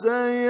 三月。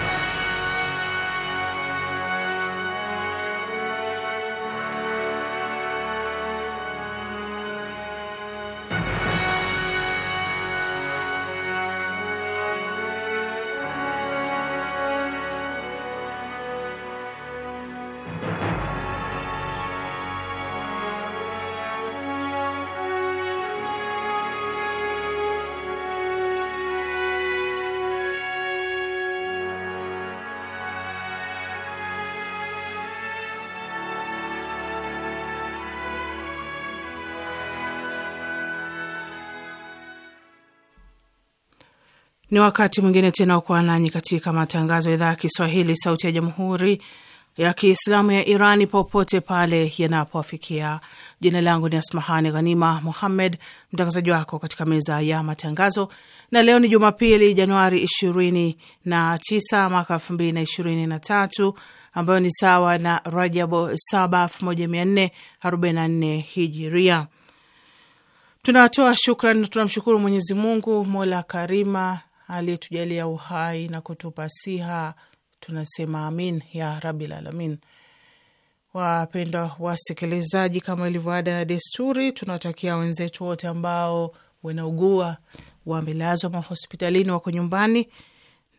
Ni wakati mwingine tena wakuwa nanyi katika matangazo ya idhaa ya Kiswahili, sauti ya jamhuri ya kiislamu ya Irani, popote pale yanapoafikia. Jina langu ni Asmahani Ghanima Muhammed, mtangazaji wako katika meza ya matangazo, na leo ni Jumapili, Januari ishirini mwaka elfu ambayo ni sawa na Rajabo saba elfu hijiria. Tunatoa shukran na tunamshukuru Mwenyezi Mungu mola karima aliyetujalia uhai na kutupa siha, tunasema amin ya rabil alamin. Wapendwa wasikilizaji, kama ilivyo ada ya desturi, tunawatakia wenzetu wote ambao wanaugua, wamelazwa mahospitalini, wako nyumbani,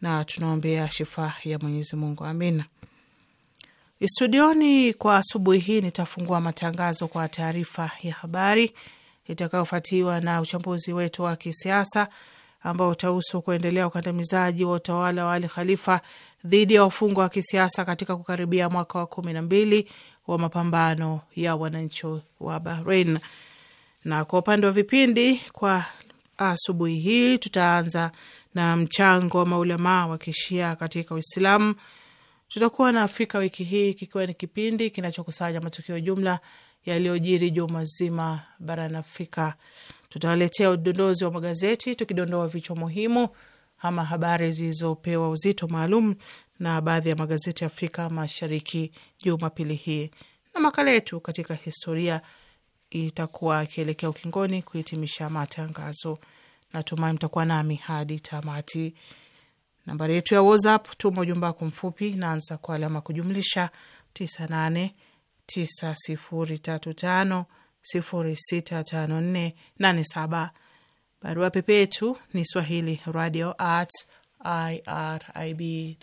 na tunaombea shifa ya Mwenyezi Mungu, amina. Studioni kwa asubuhi hii nitafungua matangazo kwa taarifa ya habari itakayofuatiwa na uchambuzi wetu wa kisiasa ambao utahusu kuendelea ukandamizaji wa utawala wa Ali Khalifa dhidi ya wafungwa wa kisiasa katika kukaribia mwaka wa kumi na mbili wa mapambano ya wananchi wa Bahrain. Na kwa upande wa vipindi kwa asubuhi hii tutaanza na mchango wa maulamaa wa kishia katika Uislamu. Tutakuwa na Afrika wiki hii, kikiwa ni kipindi kinachokusanya matukio jumla yaliyojiri juma zima barani Afrika. Tutawaletea udondozi wa magazeti tukidondoa vichwa muhimu ama habari zilizopewa uzito maalum na baadhi ya magazeti ya Afrika Mashariki Jumapili hii, na makala yetu katika historia itakuwa akielekea ukingoni kuhitimisha matangazo. Natumai mtakuwa nami hadi tamati. Nambari yetu ya WhatsApp, tuma ujumbe wako mfupi, naanza kwa alama kujumlisha sifuri tatu tano 065487. Barua pepe yetu ni swahili radio at irib ir.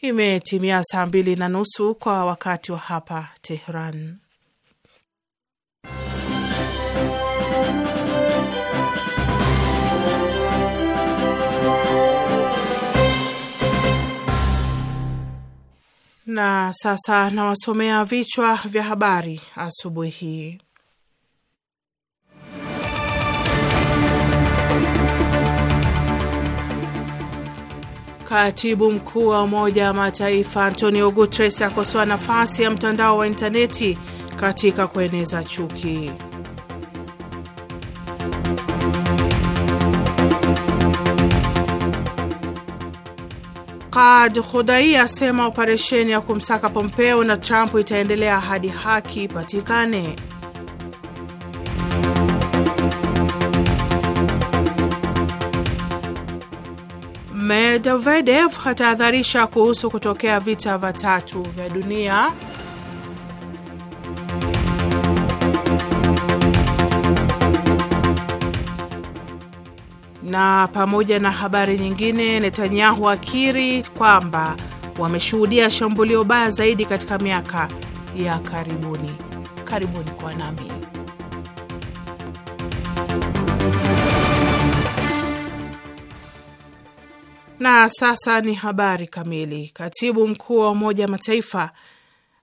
Imetimia saa mbili na nusu kwa wakati wa hapa Tehran. Na sasa nawasomea vichwa vya habari asubuhi hii. Katibu mkuu wa Umoja wa Mataifa Antonio Guterres akosoa nafasi ya mtandao wa intaneti katika kueneza chuki. Kad Hodai asema operesheni ya kumsaka Pompeo na Trump itaendelea hadi haki ipatikane. Medvedev hatahadharisha kuhusu kutokea vita vya tatu vya dunia. na pamoja na habari nyingine, Netanyahu akiri kwamba wameshuhudia shambulio baya zaidi katika miaka ya karibuni. Karibuni kwa nami na sasa ni habari kamili. Katibu mkuu wa Umoja Mataifa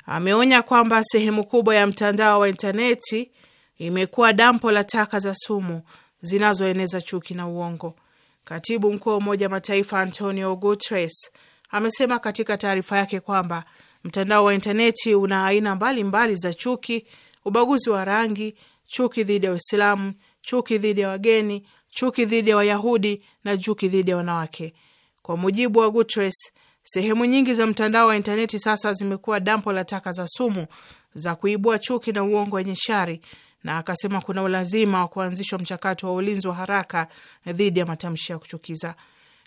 ameonya kwamba sehemu kubwa ya mtandao wa intaneti imekuwa dampo la taka za sumu zinazoeneza chuki na uongo. Katibu mkuu wa Umoja wa Mataifa Antonio Guterres amesema katika taarifa yake kwamba mtandao wa intaneti una aina mbalimbali mbali za chuki: ubaguzi wa rangi, chuki dhidi ya Uislamu, chuki dhidi ya wageni, chuki dhidi ya Wayahudi na chuki dhidi ya wanawake. Kwa mujibu wa Guterres, sehemu nyingi za mtandao wa intaneti sasa zimekuwa dampo la taka za sumu za kuibua chuki na uongo wenye shari na akasema kuna ulazima wa kuanzishwa mchakato wa ulinzi wa haraka dhidi ya matamshi ya kuchukiza.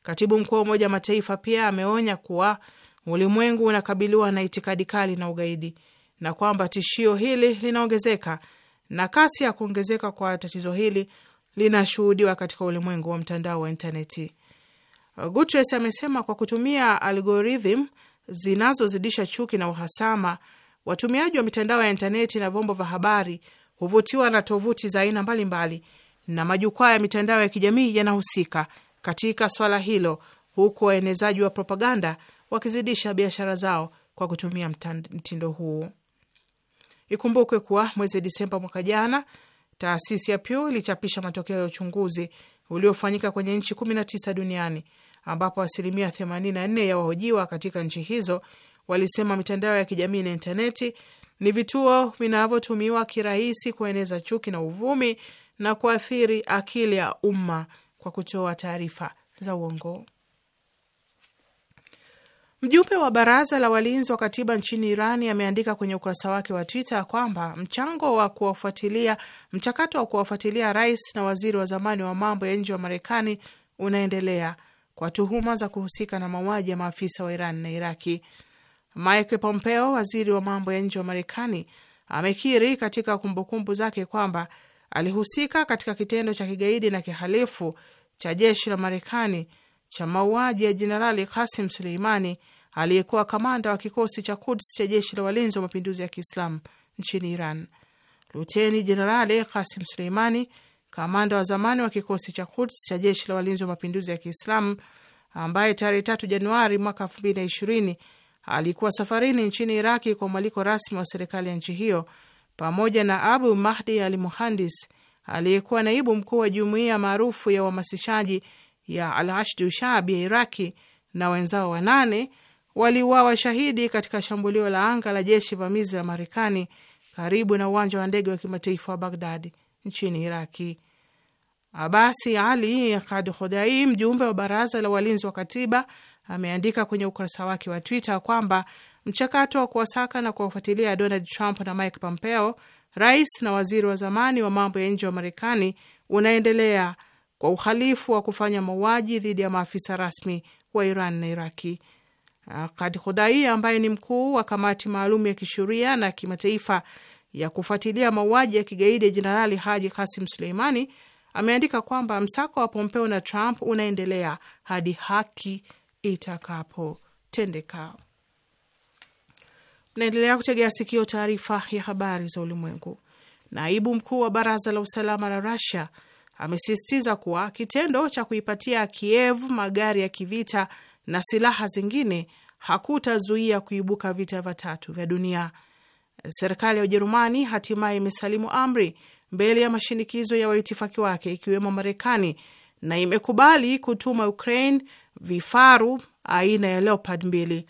Katibu mkuu wa Umoja wa Mataifa pia ameonya kuwa ulimwengu unakabiliwa na itikadi kali na ugaidi na kwamba tishio hili linaongezeka na kasi ya kuongezeka kwa tatizo hili linashuhudiwa katika ulimwengu wa mtandao wa intaneti. Guterres amesema kwa kutumia algorithm zinazozidisha chuki na uhasama, watumiaji wa mitandao ya intaneti na vyombo vya habari huvutiwa na tovuti za aina mbalimbali na majukwaa ya mitandao ya kijamii yanahusika katika swala hilo, huku waenezaji wa propaganda wakizidisha biashara zao kwa kutumia mtindo huu. Ikumbukwe kuwa mwezi Disemba mwaka jana, taasisi ya Pew ilichapisha matokeo ya uchunguzi uliofanyika kwenye nchi 19 duniani ambapo asilimia 84 ya wahojiwa katika nchi hizo walisema mitandao ya kijamii na intaneti ni vituo vinavyotumiwa kirahisi kueneza chuki na uvumi na kuathiri akili ya umma kwa kutoa taarifa za uongo. Mjumbe wa baraza la walinzi wa katiba nchini Irani ameandika kwenye ukurasa wake wa Twitter kwamba mchango wa kuwafuatilia mchakato wa kuwafuatilia rais na waziri wa zamani wa mambo ya nje wa Marekani unaendelea kwa tuhuma za kuhusika na mauaji ya maafisa wa iran na Iraki. Mike Pompeo, waziri wa mambo ya nje wa Marekani, amekiri katika kumbukumbu zake kwamba alihusika katika kitendo cha kigaidi na kihalifu cha jeshi la Marekani cha mauaji ya Jenerali Kasim Suleimani aliyekuwa kamanda wa kikosi cha Kuds cha jeshi la walinzi wa mapinduzi ya Kiislamu nchini Iran. Luteni Jenerali Kasim Suleimani, kamanda wa zamani wa kikosi cha Kuds cha jeshi la walinzi wa mapinduzi ya Kiislamu, ambaye tarehe 3 Januari mwaka ishirini alikuwa safarini nchini Iraki kwa mwaliko rasmi wa serikali ya nchi hiyo pamoja na Abu Mahdi al Muhandis aliyekuwa naibu mkuu wa jumuiya maarufu ya uhamasishaji ya Al Ashdu Shabi ya Iraki na wenzao wanane waliuawa shahidi katika shambulio la anga la jeshi vamizi la Marekani karibu na uwanja wa ndege wa kimataifa wa Bagdad nchini Iraki. Abasi Ali Kad Khodai, mjumbe wa baraza la walinzi wa katiba ameandika kwenye ukurasa wake wa Twitter kwamba mchakato wa kuwasaka na kuwafuatilia Donald Trump na Mike Pompeo, rais na waziri wa zamani wa mambo ya nje wa Marekani, unaendelea kwa uhalifu wa kufanya mauaji dhidi ya maafisa rasmi wa Iran na Iraki. Ah, Kad Hudai ambaye ni mkuu wa kamati maalum ya kisheria na kimataifa ya kufuatilia mauaji ya kigaidi ya Jenerali Haji Kasim Suleimani ameandika kwamba msako wa Pompeo na Trump unaendelea hadi haki itakapotendeka. Naendelea kutegea sikio taarifa ya habari za ulimwengu. Naibu mkuu wa baraza la usalama la Rusia amesisitiza kuwa kitendo cha kuipatia Kiev magari ya kivita na silaha zingine hakutazuia kuibuka vita vya tatu vya dunia. Serikali ya Ujerumani hatimaye imesalimu amri mbele ya mashinikizo ya waitifaki wake ikiwemo Marekani na imekubali kutuma Ukraine vifaru aina ya Leopard mbili.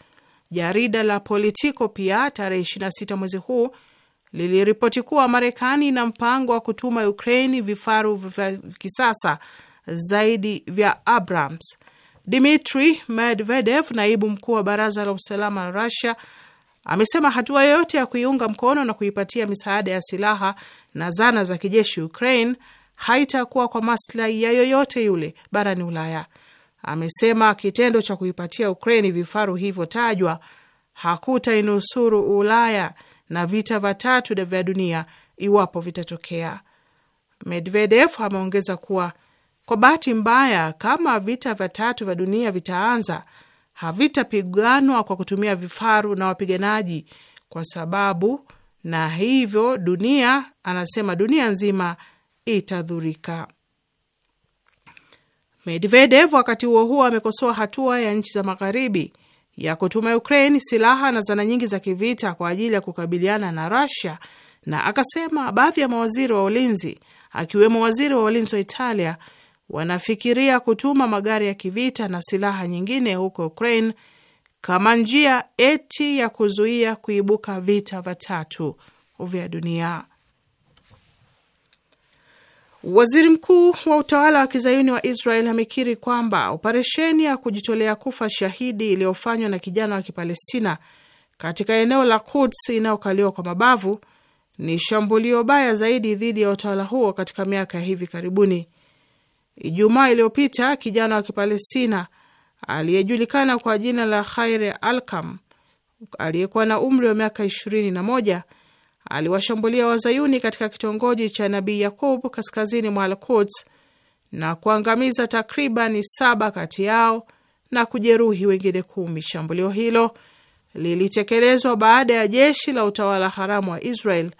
Jarida la Politico pia tarehe 26 mwezi huu liliripoti kuwa Marekani ina mpango wa kutuma Ukraini vifaru vya kisasa zaidi vya Abrams. Dmitri Medvedev, naibu mkuu wa baraza la usalama la Rusia, amesema hatua yoyote ya kuiunga mkono na kuipatia misaada ya silaha na zana za kijeshi Ukraine haitakuwa kwa maslahi ya yoyote yule barani Ulaya amesema kitendo cha kuipatia Ukraini vifaru hivyo tajwa hakutainusuru Ulaya na vita vya tatu vya dunia iwapo vitatokea. Medvedev ameongeza kuwa kwa bahati mbaya, kama vita vya tatu vya dunia vitaanza, havitapiganwa kwa kutumia vifaru na wapiganaji, kwa sababu na hivyo dunia, anasema dunia nzima itadhurika. Medvedev wakati huo huo amekosoa hatua ya nchi za magharibi ya kutuma Ukraine silaha na zana nyingi za kivita kwa ajili ya kukabiliana na Russia, na akasema baadhi ya mawaziri wa ulinzi akiwemo waziri wa ulinzi wa Italia wanafikiria kutuma magari ya kivita na silaha nyingine huko Ukraine kama njia eti ya kuzuia kuibuka vita vya tatu vya dunia. Waziri mkuu wa utawala wa kizayuni wa Israel amekiri kwamba operesheni ya kujitolea kufa shahidi iliyofanywa na kijana wa Kipalestina katika eneo la Quds inayokaliwa kwa mabavu ni shambulio baya zaidi dhidi ya utawala huo katika miaka ya hivi karibuni. Ijumaa iliyopita kijana wa Kipalestina aliyejulikana kwa jina la Khaire Alkam aliyekuwa na umri wa miaka ishirini na moja aliwashambulia wazayuni katika kitongoji cha Nabii Yakub kaskazini mwa Al-Quds na kuangamiza takriban saba kati yao na kujeruhi wengine kumi. Shambulio hilo lilitekelezwa baada ya jeshi la utawala haramu wa Israel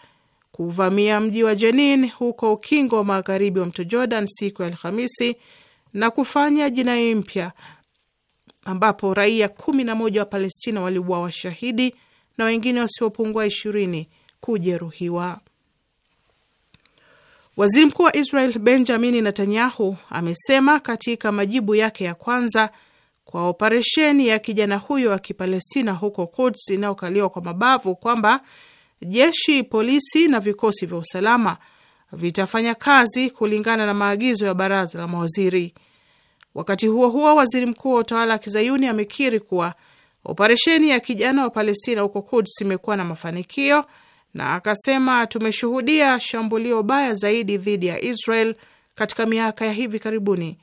kuvamia mji wa Jenin huko ukingo wa magharibi wa mto Jordan siku ya Alhamisi na kufanya jinai mpya ambapo raia kumi na moja wa Palestina waliuawa shahidi na wengine wasiopungua ishirini kujeruhiwa. Waziri mkuu wa Israel Benjamin Netanyahu amesema katika majibu yake ya kwanza kwa operesheni ya kijana huyo wa Kipalestina huko Kuds inayokaliwa kwa mabavu kwamba jeshi, polisi na vikosi vya usalama vitafanya kazi kulingana na maagizo ya baraza la mawaziri. Wakati huo huo, waziri mkuu wa utawala wa kizayuni amekiri kuwa operesheni ya kijana wa Palestina huko Kuds imekuwa na mafanikio na akasema tumeshuhudia shambulio baya zaidi dhidi ya Israel katika miaka ya hivi karibuni.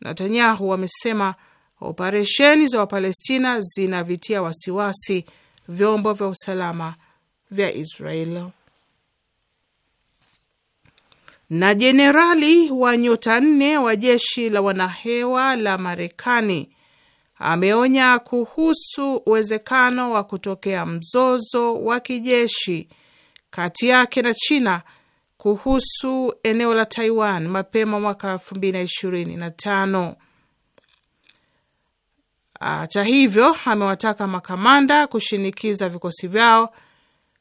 Netanyahu amesema operesheni za Wapalestina zinavitia wasiwasi vyombo vya usalama vya Israel. Na jenerali wa nyota nne wa jeshi la wanahewa la Marekani ameonya kuhusu uwezekano wa kutokea mzozo wa kijeshi kati yake na China kuhusu eneo la Taiwan mapema mwaka elfu mbili na ishirini na tano. Hata hivyo, amewataka makamanda kushinikiza vikosi vyao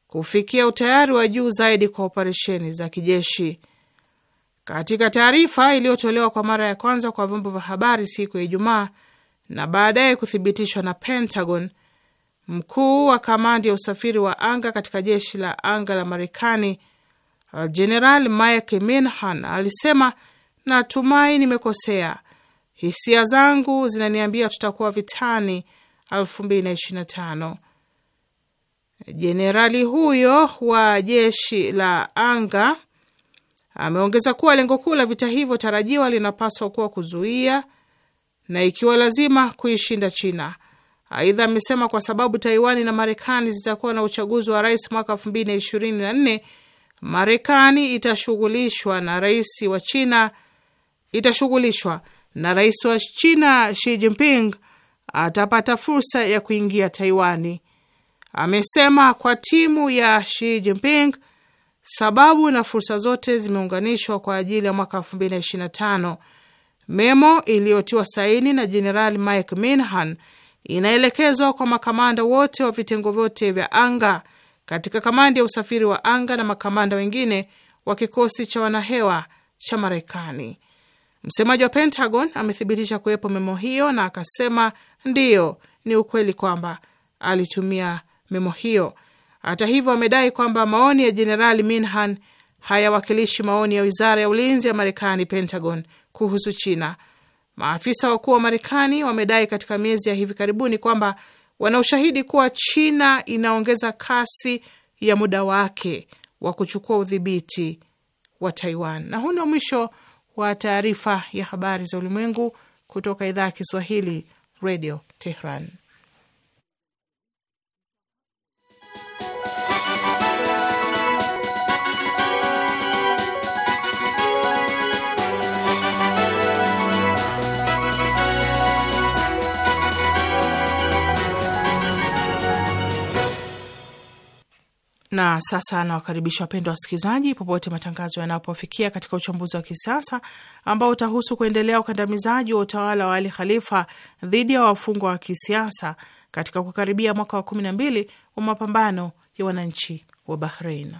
kufikia utayari wa juu zaidi kwa operesheni za kijeshi. Katika taarifa iliyotolewa kwa mara ya kwanza kwa vyombo vya habari siku ya Ijumaa na baadaye kuthibitishwa na Pentagon, Mkuu wa kamandi ya usafiri wa anga katika jeshi la anga la Marekani Jeneral uh, Mike Minhan alisema, natumai nimekosea, hisia zangu zinaniambia tutakuwa vitani 2025. Jenerali huyo wa jeshi la anga ameongeza kuwa lengo kuu la vita hivyo tarajiwa linapaswa kuwa kuzuia na ikiwa lazima kuishinda China Aidha amesema kwa sababu Taiwani na Marekani zitakuwa na uchaguzi wa rais mwaka nne Marekani itashughulishwa na rais wa China, itashughulishwa na rais wa China Xi Jinping atapata fursa ya kuingia Taiwani. Amesema kwa timu ya Xi Jinping sababu na fursa zote zimeunganishwa kwa ajili ya mwaka tano. Memo iliyotiwa saini na Jenerali Mike Minhan inaelekezwa kwa makamanda wote wa vitengo vyote vya anga katika kamandi ya usafiri wa anga na makamanda wengine wa kikosi cha wanahewa cha Marekani. Msemaji wa Pentagon amethibitisha kuwepo memo hiyo na akasema ndiyo, ni ukweli kwamba alitumia memo hiyo. Hata hivyo, amedai kwamba maoni ya Jenerali Minhan hayawakilishi maoni ya wizara ya ulinzi ya Marekani, Pentagon, kuhusu China. Maafisa wakuu wa Marekani wamedai katika miezi ya hivi karibuni kwamba wana ushahidi kuwa China inaongeza kasi ya muda wake wa kuchukua udhibiti wa Taiwan. Na huu ndio mwisho wa taarifa ya habari za ulimwengu kutoka idhaa ya Kiswahili, Radio Tehran. Na sasa nawakaribisha wapendwa wasikilizaji, popote matangazo yanapofikia, katika uchambuzi wa kisiasa ambao utahusu kuendelea ukandamizaji wa utawala wa Ali Khalifa dhidi ya wafungwa wa kisiasa katika kukaribia mwaka wa kumi na mbili wa mapambano ya wananchi wa Bahrein.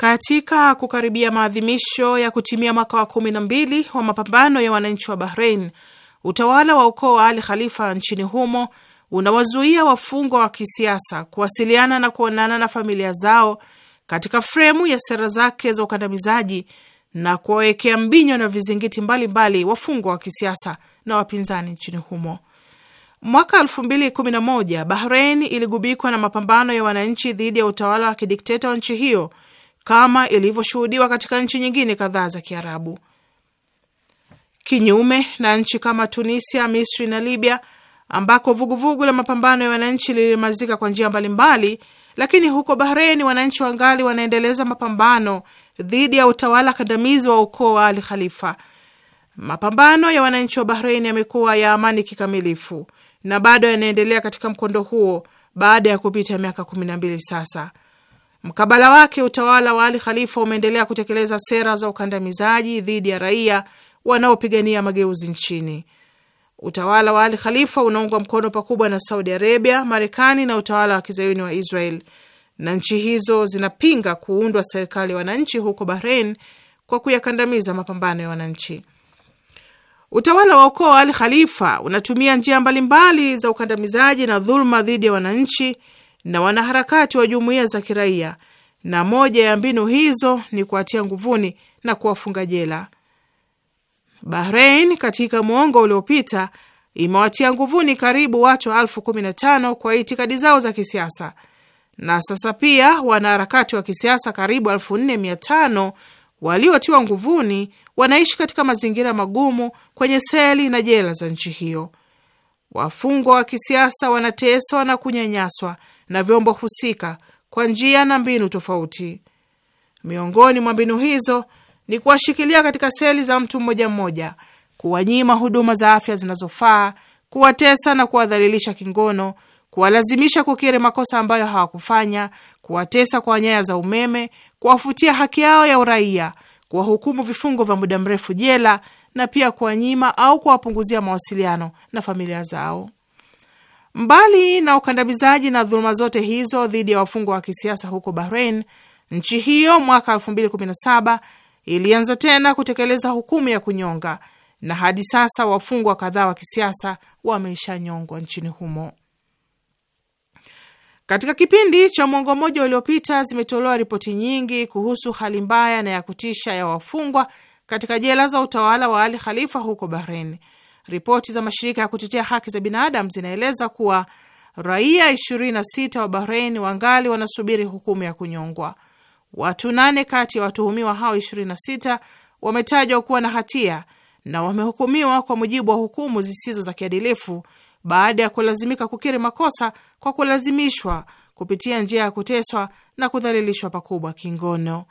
Katika kukaribia maadhimisho ya kutimia mwaka wa kumi na mbili wa mapambano ya wananchi wa Bahrein, utawala wa ukoo wa Ali Khalifa nchini humo unawazuia wafungwa wa kisiasa kuwasiliana na kuonana na familia zao katika fremu ya sera zake za ukandamizaji na kuwawekea mbinyo na vizingiti mbalimbali wafungwa wa kisiasa na wapinzani nchini humo. Mwaka 2011 Bahrein iligubikwa na mapambano ya wananchi dhidi ya utawala wa kidikteta wa nchi hiyo kama ilivyoshuhudiwa katika nchi nyingine kadhaa za Kiarabu. Kinyume na nchi kama Tunisia, Misri na Libya ambako vuguvugu la mapambano ya wananchi lilimalizika kwa njia mbalimbali, lakini huko Bahrein wananchi wangali wanaendeleza mapambano dhidi ya utawala kandamizi wa ukoo wa Al Khalifa. Mapambano ya wananchi wa Bahrein yamekuwa ya amani kikamilifu na bado yanaendelea katika mkondo huo baada ya kupita miaka kumi na mbili sasa. Mkabala wake utawala wa Ali Khalifa umeendelea kutekeleza sera za ukandamizaji dhidi ya raia wanaopigania mageuzi nchini. Utawala wa Ali Khalifa unaungwa mkono pakubwa na Saudi Arabia, Marekani na utawala wa kizayuni wa Israel, na nchi hizo zinapinga kuundwa serikali ya wananchi huko Bahrain kwa kuyakandamiza mapambano ya wananchi. Utawala wa ukoo wa Ali Khalifa unatumia njia mbalimbali za ukandamizaji na dhuluma dhidi ya wananchi na wanaharakati wa jumuiya za kiraia, na moja ya mbinu hizo ni kuwatia nguvuni na kuwafunga jela. Bahrein katika mwongo uliopita imewatia nguvuni karibu watu elfu kumi na tano kwa itikadi zao za kisiasa, na sasa pia wanaharakati wa kisiasa karibu elfu nne mia tano waliotiwa nguvuni wanaishi katika mazingira magumu kwenye seli na jela za nchi hiyo. Wafungwa wa kisiasa wanateswa na kunyanyaswa na vyombo husika kwa njia na mbinu tofauti. Miongoni mwa mbinu hizo ni kuwashikilia katika seli za mtu mmoja mmoja, kuwanyima huduma za afya zinazofaa, kuwatesa na kuwadhalilisha kingono, kuwalazimisha kukiri makosa ambayo hawakufanya, kuwatesa kwa nyaya za umeme, kuwafutia haki yao ya uraia, kuwahukumu vifungo vya muda mrefu jela, na pia kuwanyima au kuwapunguzia mawasiliano na familia zao. Mbali na ukandamizaji na dhuluma zote hizo dhidi ya wafungwa wa kisiasa huko Bahrain, nchi hiyo mwaka 2017 ilianza tena kutekeleza hukumu ya kunyonga na hadi sasa wafungwa kadhaa wa kisiasa wameshanyongwa nchini humo. Katika kipindi cha mwongo mmoja uliopita, zimetolewa ripoti nyingi kuhusu hali mbaya na ya kutisha ya wafungwa katika jela za utawala wa Ali Khalifa huko Bahrain. Ripoti za mashirika ya kutetea haki za binadamu zinaeleza kuwa raia 26 wa Bahrein wangali wanasubiri hukumu ya kunyongwa. Watu nane kati ya watuhumiwa hao 26 wametajwa kuwa na hatia na wamehukumiwa kwa mujibu wa hukumu zisizo za kiadilifu baada ya kulazimika kukiri makosa kwa kulazimishwa kupitia njia ya kuteswa na kudhalilishwa pakubwa kingono.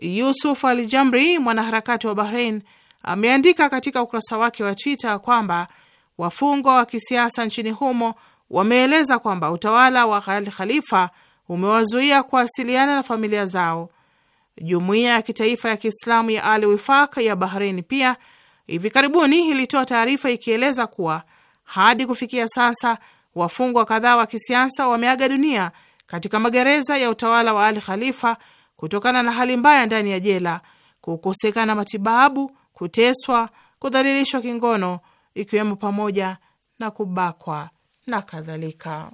Yusuf Al Jamri, mwanaharakati wa Bahrein ameandika katika ukurasa wake wa Twitter kwamba wafungwa wa kisiasa nchini humo wameeleza kwamba utawala wa Al Khalifa umewazuia kuwasiliana na familia zao. Jumuiya ya kitaifa ya Kiislamu ya Al Wifaq ya Bahrein pia hivi karibuni ilitoa taarifa ikieleza kuwa hadi kufikia sasa wafungwa kadhaa wa kisiasa wameaga dunia katika magereza ya utawala wa Al Khalifa kutokana na hali mbaya ndani ya jela, kukosekana matibabu kuteswa, kudhalilishwa kingono, ikiwemo pamoja na kubakwa na kadhalika.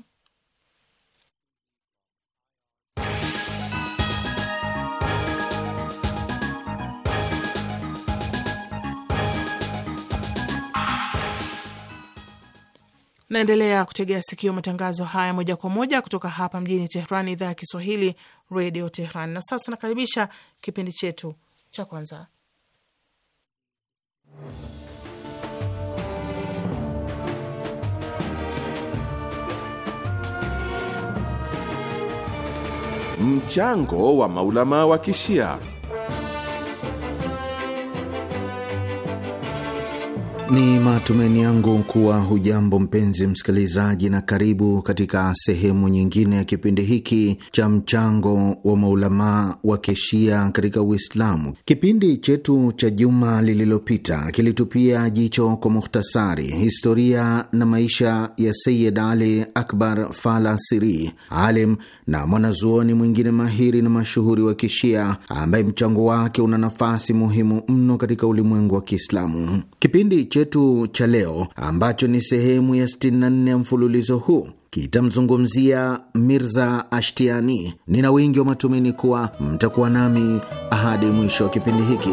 Naendelea kutegea sikio matangazo haya moja kwa moja kutoka hapa mjini Tehran, idhaa ya Kiswahili, redio Tehran. Na sasa nakaribisha kipindi chetu cha kwanza Mchango wa maulama wa Kishia. Ni matumaini yangu kuwa hujambo mpenzi msikilizaji, na karibu katika sehemu nyingine ya kipindi hiki cha mchango wa maulamaa wa keshia katika Uislamu. Kipindi chetu cha juma lililopita kilitupia jicho kwa muhtasari historia na maisha ya Sayid Ali Akbar fala siri alim na mwanazuoni mwingine mahiri na mashuhuri wa kishia ambaye mchango wake una nafasi muhimu mno katika ulimwengu wa Kiislamu. Kipindi chetu cha leo ambacho ni sehemu ya 64 ya mfululizo huu kitamzungumzia Mirza Ashtiani. Nina wingi wa matumaini kuwa mtakuwa nami hadi mwisho wa kipindi hiki.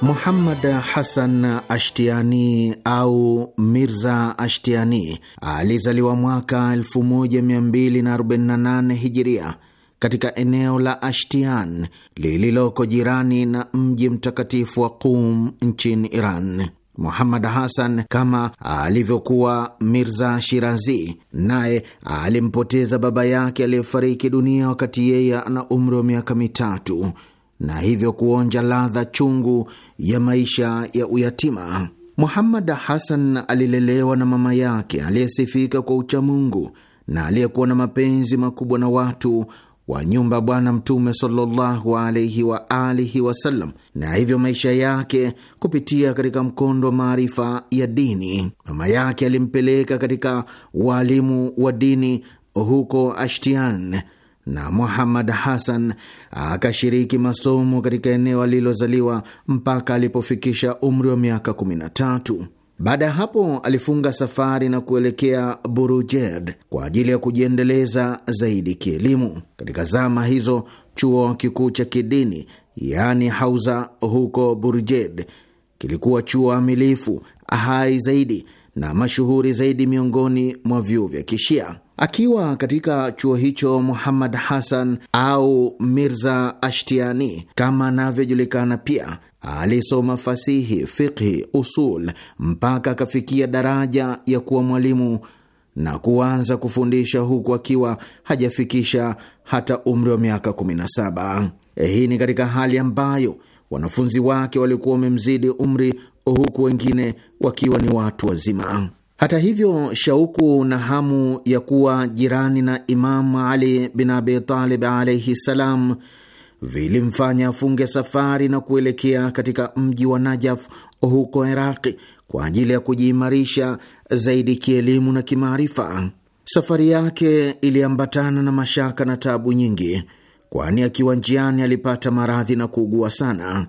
Muhammad Hasan Ashtiani au Mirza Ashtiani alizaliwa mwaka 1248 hijiria katika eneo la Ashtian lililoko jirani na mji mtakatifu wa Qum nchini Iran. Muhammad Hasan, kama alivyokuwa Mirza Shirazi, naye alimpoteza baba yake aliyefariki dunia wakati yeye ana umri wa miaka mitatu na hivyo kuonja ladha chungu ya maisha ya uyatima. Muhammad Hasan alilelewa na mama yake aliyesifika kwa uchamungu na aliyekuwa na mapenzi makubwa na watu wa nyumba Bwana Mtume sallallahu alaihi wa alihi wasallam, na hivyo maisha yake kupitia katika mkondo wa maarifa ya dini. Mama yake alimpeleka katika waalimu wa dini huko Ashtian na Muhammad Hassan akashiriki masomo katika eneo alilozaliwa mpaka alipofikisha umri wa miaka 13. Baada ya hapo alifunga safari na kuelekea Burujerd kwa ajili ya kujiendeleza zaidi kielimu. Katika zama hizo chuo kikuu cha kidini yaani hauza huko Burujerd kilikuwa chuo amilifu hai zaidi na mashuhuri zaidi miongoni mwa vyuo vya Kishia. Akiwa katika chuo hicho, Muhammad Hassan au Mirza Ashtiani kama anavyojulikana pia alisoma fasihi, fiqhi, usul mpaka akafikia daraja ya kuwa mwalimu na kuanza kufundisha huku akiwa hajafikisha hata umri wa miaka 17. Hii ni katika hali ambayo wanafunzi wake walikuwa wamemzidi umri huku wengine wakiwa ni watu wazima. Hata hivyo, shauku na hamu ya kuwa jirani na Imamu Ali bin Abi Talib alaihi ssalam vilimfanya afunge safari na kuelekea katika mji wa Najaf huko Iraqi kwa ajili ya kujiimarisha zaidi kielimu na kimaarifa. Safari yake iliambatana na mashaka na tabu nyingi, kwani akiwa njiani alipata maradhi na kuugua sana.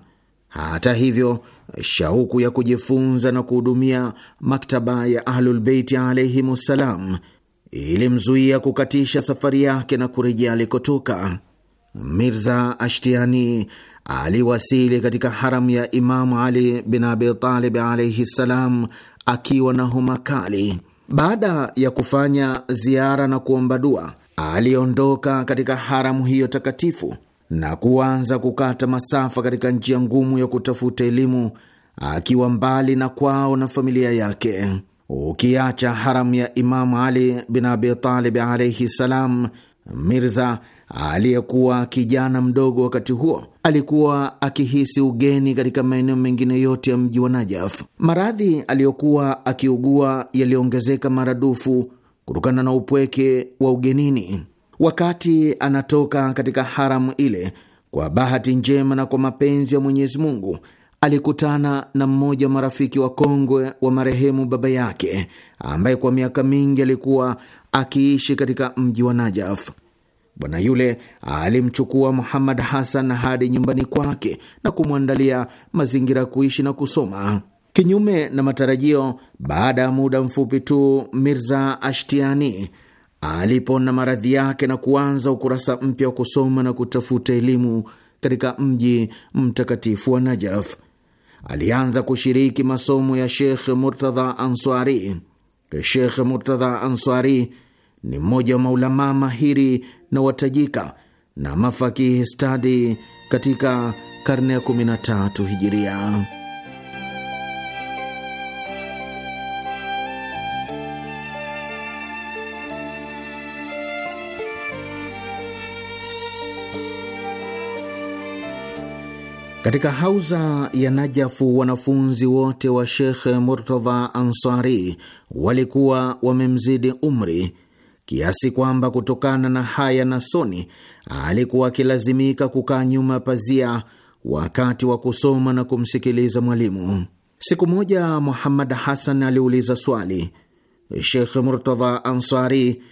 Hata hivyo, shauku ya kujifunza na kuhudumia maktaba ya Ahlulbeiti alaihimussalam ilimzuia kukatisha safari yake na kurejea alikotoka. Mirza Ashtiani aliwasili katika haramu ya Imamu Ali bin Abitalib alaihi ssalam akiwa na homa kali. Baada ya kufanya ziara na kuomba dua, aliondoka katika haramu hiyo takatifu na kuanza kukata masafa katika njia ngumu ya kutafuta elimu akiwa mbali na kwao na familia yake. Ukiacha haramu ya Imamu Ali bin Abi Talib alaihi salam, Mirza aliyekuwa kijana mdogo wakati huo alikuwa akihisi ugeni katika maeneo mengine yote ya mji wa Najaf. Maradhi aliyokuwa akiugua yaliongezeka maradufu kutokana na upweke wa ugenini. Wakati anatoka katika haramu ile, kwa bahati njema na kwa mapenzi ya Mwenyezi Mungu, alikutana na mmoja wa marafiki wa kongwe wa marehemu baba yake ambaye kwa miaka mingi alikuwa akiishi katika mji wa Najaf. Bwana yule alimchukua Muhammad Hasan hadi nyumbani kwake na kumwandalia mazingira ya kuishi na kusoma. Kinyume na matarajio, baada ya muda mfupi tu Mirza Ashtiani alipona maradhi yake na kuanza ukurasa mpya wa kusoma na kutafuta elimu katika mji mtakatifu wa Najaf. Alianza kushiriki masomo ya Shekh Murtadha Answari. Shekh Murtadha Answari ni mmoja wa maulamaa mahiri na watajika na mafakihi stadi katika karne ya 13 Hijiria. Katika hauza ya Najafu wanafunzi wote wa Shekh Murtadha Ansari walikuwa wamemzidi umri kiasi kwamba kutokana na haya na soni alikuwa akilazimika kukaa nyuma ya pazia wakati wa kusoma na kumsikiliza mwalimu. Siku moja Muhammad Hasan aliuliza swali. Shekh Murtadha Ansari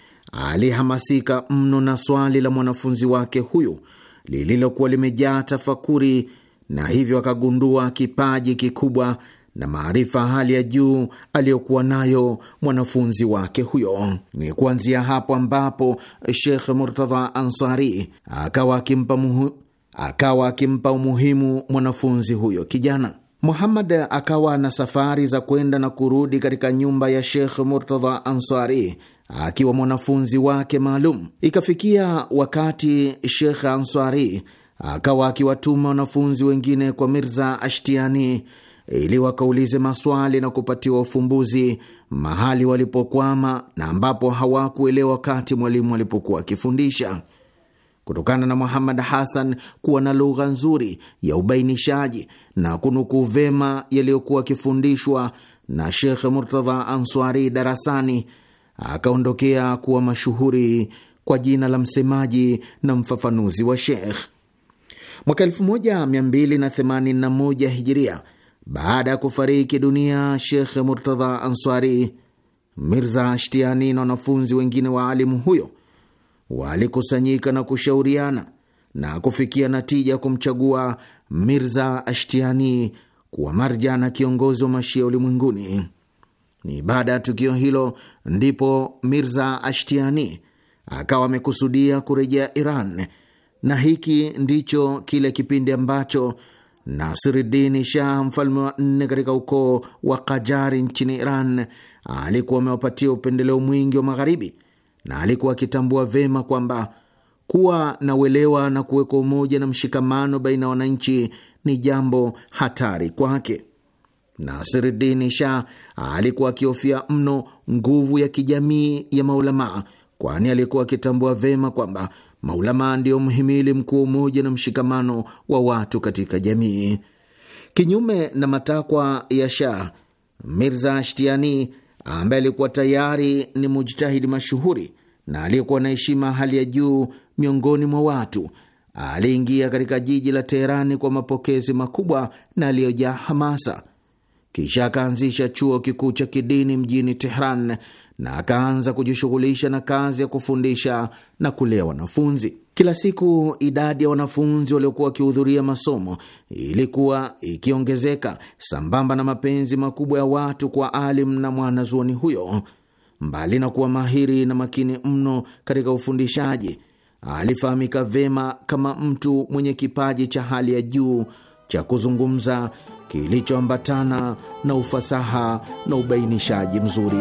alihamasika mno na swali la mwanafunzi wake huyu lililokuwa limejaa tafakuri na hivyo akagundua kipaji kikubwa na maarifa hali ya juu aliyokuwa nayo mwanafunzi wake huyo. Ni kuanzia hapo ambapo Shekh Murtadha Ansari akawa akimpa muhu, akawa akimpa umuhimu mwanafunzi huyo kijana. Muhammad akawa na safari za kwenda na kurudi katika nyumba ya Shekh Murtadha Ansari akiwa mwanafunzi wake maalum. Ikafikia wakati Shekh Ansari akawa akiwatuma wanafunzi wengine kwa Mirza Ashtiani ili wakaulize maswali na kupatiwa ufumbuzi mahali walipokwama na ambapo hawakuelewa wakati mwalimu alipokuwa akifundisha. Kutokana na Muhammad Hasan kuwa na lugha nzuri ya ubainishaji na kunukuu vema yaliyokuwa akifundishwa na Shekh Murtadha Answari darasani, akaondokea kuwa mashuhuri kwa jina la msemaji na mfafanuzi wa Shekh. Mwaka 1281 hijiria, baada ya kufariki dunia Shekh Murtadha Ansari, Mirza Shtiani na wanafunzi wengine wa alimu huyo walikusanyika na kushauriana na kufikia natija ya kumchagua Mirza Ashtiani kuwa marja na kiongozi wa mashia ulimwenguni. Ni baada ya tukio hilo ndipo Mirza Ashtiani akawa amekusudia kurejea Iran na hiki ndicho kile kipindi ambacho Nasiridini Shah, mfalme wa nne katika ukoo wa Kajari nchini Iran, alikuwa amewapatia upendeleo mwingi wa Magharibi, na alikuwa akitambua vema kwamba kuwa na uelewa na kuwekwa umoja na mshikamano baina ya wananchi ni jambo hatari kwake. Nasiridini Shah alikuwa akihofia mno nguvu ya kijamii ya maulamaa, kwani alikuwa akitambua vema kwamba Maulama ndio mhimili mkuu wa umoja na mshikamano wa watu katika jamii. Kinyume na matakwa ya Shah, Mirza Shtiani ambaye alikuwa tayari ni mujtahidi mashuhuri na aliyekuwa na heshima hali ya juu miongoni mwa watu, aliingia katika jiji la Teherani kwa mapokezi makubwa na aliyojaa hamasa. Kisha akaanzisha chuo kikuu cha kidini mjini teheran na akaanza kujishughulisha na kazi ya kufundisha na kulea wanafunzi. Kila siku idadi ya wanafunzi waliokuwa wakihudhuria masomo ilikuwa ikiongezeka sambamba na mapenzi makubwa ya watu kwa alim na mwanazuoni huyo. Mbali na kuwa mahiri na makini mno katika ufundishaji, alifahamika vema kama mtu mwenye kipaji cha hali ya juu cha kuzungumza kilichoambatana na ufasaha na ubainishaji mzuri.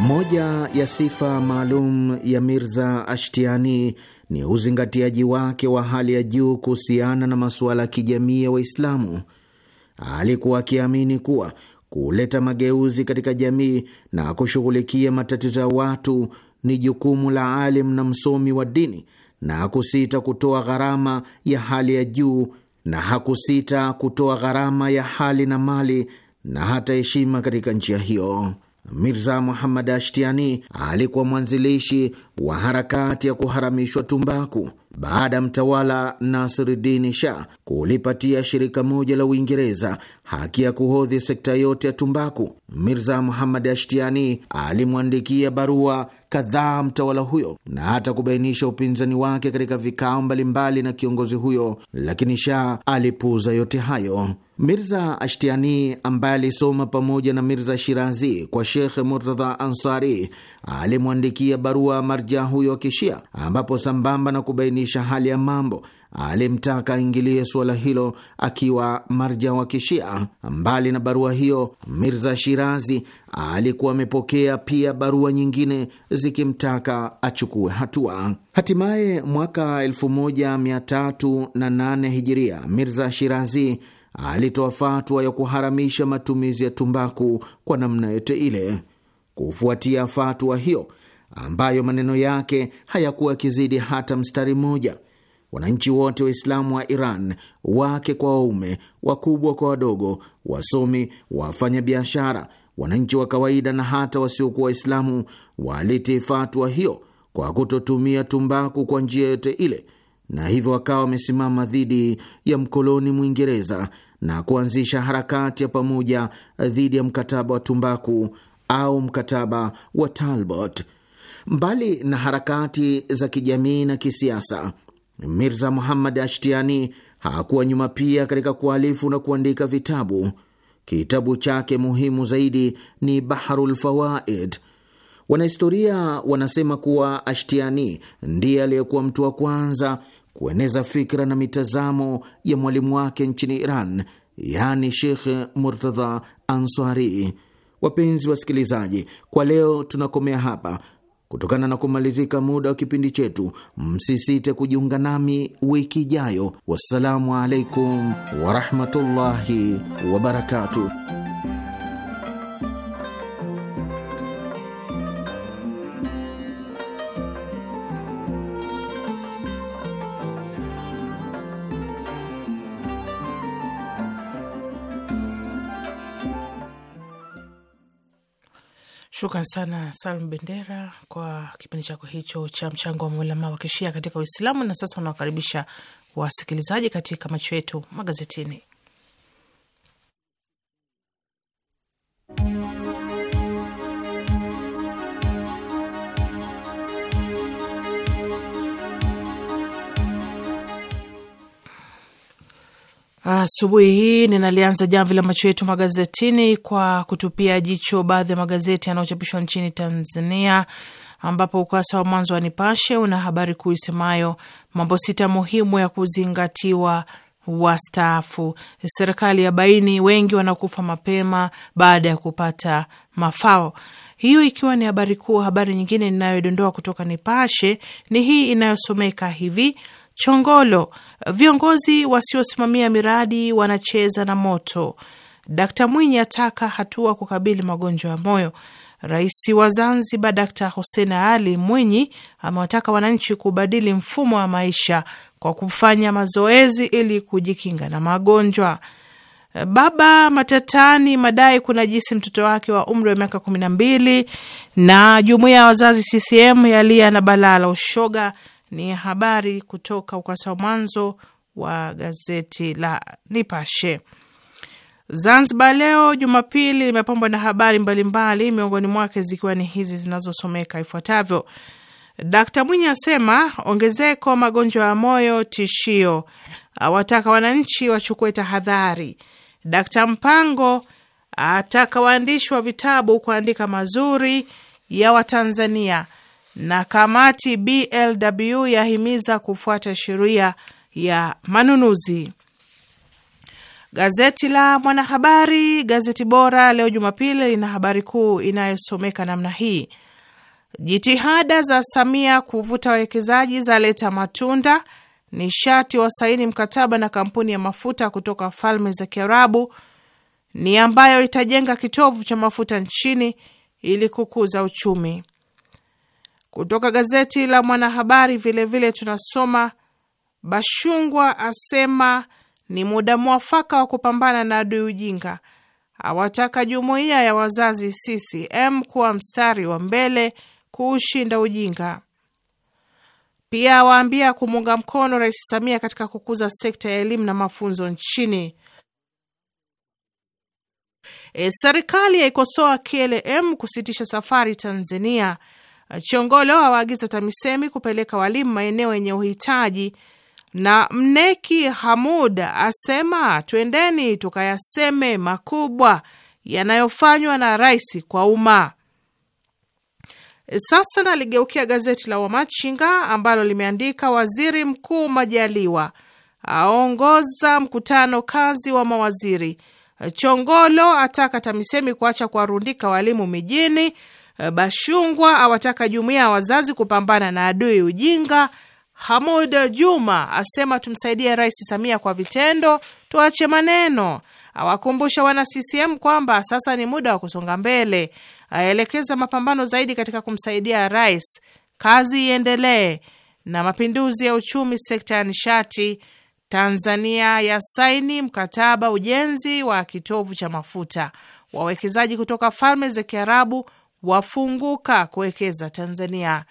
Moja ya sifa maalum ya Mirza Ashtiani ni uzingatiaji wake wa hali ya juu kuhusiana na masuala ya kijamii ya Waislamu. Alikuwa akiamini kuwa kuleta mageuzi katika jamii na kushughulikia matatizo ya watu ni jukumu la alim na msomi wa dini, na hakusita kutoa gharama ya hali ya juu, na hakusita kutoa gharama ya hali na mali na hata heshima katika njia hiyo. Mirza Muhammad Ashtiani alikuwa mwanzilishi wa harakati ya kuharamishwa tumbaku baada ya mtawala Nasiruddin Shah kulipatia shirika moja la Uingereza haki ya kuhodhi sekta yote ya tumbaku. Mirza Muhammad Ashtiani alimwandikia barua kadhaa mtawala huyo na hata kubainisha upinzani wake katika vikao mbalimbali na kiongozi huyo, lakini Shah alipuuza yote hayo. Mirza Ashtiani ambaye alisoma pamoja na Mirza Shirazi kwa Shekh Murtadha Ansari alimwandikia barua marja huyo wa Kishia, ambapo sambamba na kubainisha hali ya mambo alimtaka aingilie suala hilo akiwa marja wa Kishia. Mbali na barua hiyo, Mirza Shirazi alikuwa amepokea pia barua nyingine zikimtaka achukue hatua. Hatimaye mwaka 1308 Hijiria, Mirza Shirazi alitoa fatwa ya kuharamisha matumizi ya tumbaku kwa namna yote ile. Kufuatia fatwa hiyo ambayo maneno yake hayakuwa yakizidi hata mstari mmoja, wananchi wote Waislamu wa Iran, wake kwa waume, wakubwa kwa wadogo, wasomi, wafanyabiashara, wananchi wa kawaida na hata wasiokuwa Waislamu walitii fatwa hiyo kwa kutotumia tumbaku kwa njia yote ile na hivyo wakawa wamesimama dhidi ya mkoloni Mwingereza na kuanzisha harakati ya pamoja dhidi ya mkataba wa tumbaku au mkataba wa Talbot. Mbali na harakati za kijamii na kisiasa, Mirza Muhammad Ashtiani hakuwa nyuma pia katika kualifu na kuandika vitabu. Kitabu chake muhimu zaidi ni Baharul Fawaid. Wanahistoria wanasema kuwa Ashtiani ndiye aliyekuwa mtu wa kwanza kueneza fikra na mitazamo ya mwalimu wake nchini Iran, yani Sheikh Murtadha Ansari. Wapenzi wasikilizaji, kwa leo tunakomea hapa kutokana na kumalizika muda wa kipindi chetu. Msisite kujiunga nami wiki ijayo. Wassalamu alaikum warahmatullahi wabarakatuh. Shukran sana salm Bendera kwa kipindi chako hicho cha mchango wa maulama wa kishia katika Uislamu. Na sasa unawakaribisha wasikilizaji katika macho yetu magazetini. Asubuhi hii ninalianza jamvi la macho yetu magazetini kwa kutupia jicho baadhi ya magazeti yanayochapishwa nchini Tanzania, ambapo ukurasa wa mwanzo wa Nipashe una habari kuu isemayo mambo sita muhimu ya kuzingatiwa wastaafu. Serikali ya baini wengi wanakufa mapema baada ya kupata mafao. Hiyo ikiwa ni habari kuu. Habari nyingine ninayodondoa kutoka Nipashe ni hii inayosomeka hivi: Chongolo, viongozi wasiosimamia miradi wanacheza na moto. Dkt Mwinyi ataka hatua kukabili magonjwa ya moyo. Rais wa Zanzibar Dkt Hussein Ali Mwinyi amewataka wananchi kubadili mfumo wa maisha kwa kufanya mazoezi ili kujikinga na magonjwa. Baba matatani madai kuna jisi mtoto wake wa umri wa miaka kumi na mbili. Na jumuiya ya wazazi CCM yalia na balaa la ushoga ni habari kutoka ukurasa wa mwanzo wa gazeti la Nipashe. Zanzibar Leo Jumapili imepambwa na habari mbalimbali, miongoni mwake zikiwa ni hizi zinazosomeka ifuatavyo: Dkt Mwinyi asema ongezeko magonjwa ya moyo tishio, awataka wananchi wachukue tahadhari. Dkt Mpango ataka waandishi wa vitabu kuandika mazuri ya Watanzania na kamati BLW yahimiza kufuata sheria ya manunuzi. Gazeti la Mwanahabari, gazeti bora leo Jumapili, lina habari kuu inayosomeka namna hii: jitihada za Samia kuvuta wawekezaji za leta matunda. Nishati wasaini mkataba na kampuni ya mafuta kutoka Falme za Kiarabu ni ambayo itajenga kitovu cha mafuta nchini ili kukuza uchumi. Kutoka gazeti la Mwanahabari vilevile tunasoma Bashungwa asema ni muda mwafaka wa kupambana na adui ujinga, awataka jumuiya ya wazazi CCM kuwa mstari wa mbele kuushinda ujinga. Pia awaambia kumuunga mkono Rais Samia katika kukuza sekta ya elimu na mafunzo nchini. E, serikali yaikosoa KLM kusitisha safari Tanzania Chongolo awaagiza TAMISEMI kupeleka walimu maeneo yenye uhitaji, na Mneki Hamud asema twendeni tukayaseme makubwa yanayofanywa na rais kwa umma. Sasa naligeukia gazeti la Wamachinga ambalo limeandika waziri mkuu Majaliwa aongoza mkutano kazi wa mawaziri. Chongolo ataka TAMISEMI kuacha kuwarundika walimu mijini Eh, Bashungwa awataka jumuiya ya wazazi kupambana na adui ujinga. Hamud Juma asema tumsaidie Rais Samia kwa vitendo, tuache maneno. Awakumbusha wana CCM kwamba sasa ni muda wa kusonga mbele. Aelekeza mapambano zaidi katika kumsaidia rais, kazi iendelee na mapinduzi ya uchumi sekta ya nishati. Tanzania yasaini mkataba ujenzi wa kitovu cha mafuta. Wawekezaji kutoka falme za Kiarabu wafunguka kuwekeza Tanzania.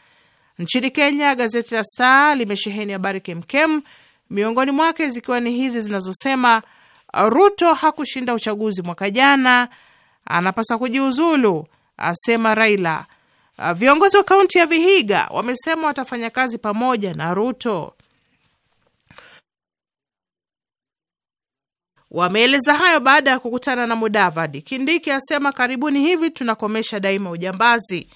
Nchini Kenya, gazeti la Star limesheheni habari kemkem, miongoni mwake zikiwa ni hizi zinazosema Ruto hakushinda uchaguzi mwaka jana, anapaswa kujiuzulu, asema Raila. Viongozi wa kaunti ya Vihiga wamesema watafanya kazi pamoja na Ruto. Wameeleza hayo baada ya kukutana na Mudavadi. Kindiki asema karibuni hivi tunakomesha daima ujambazi.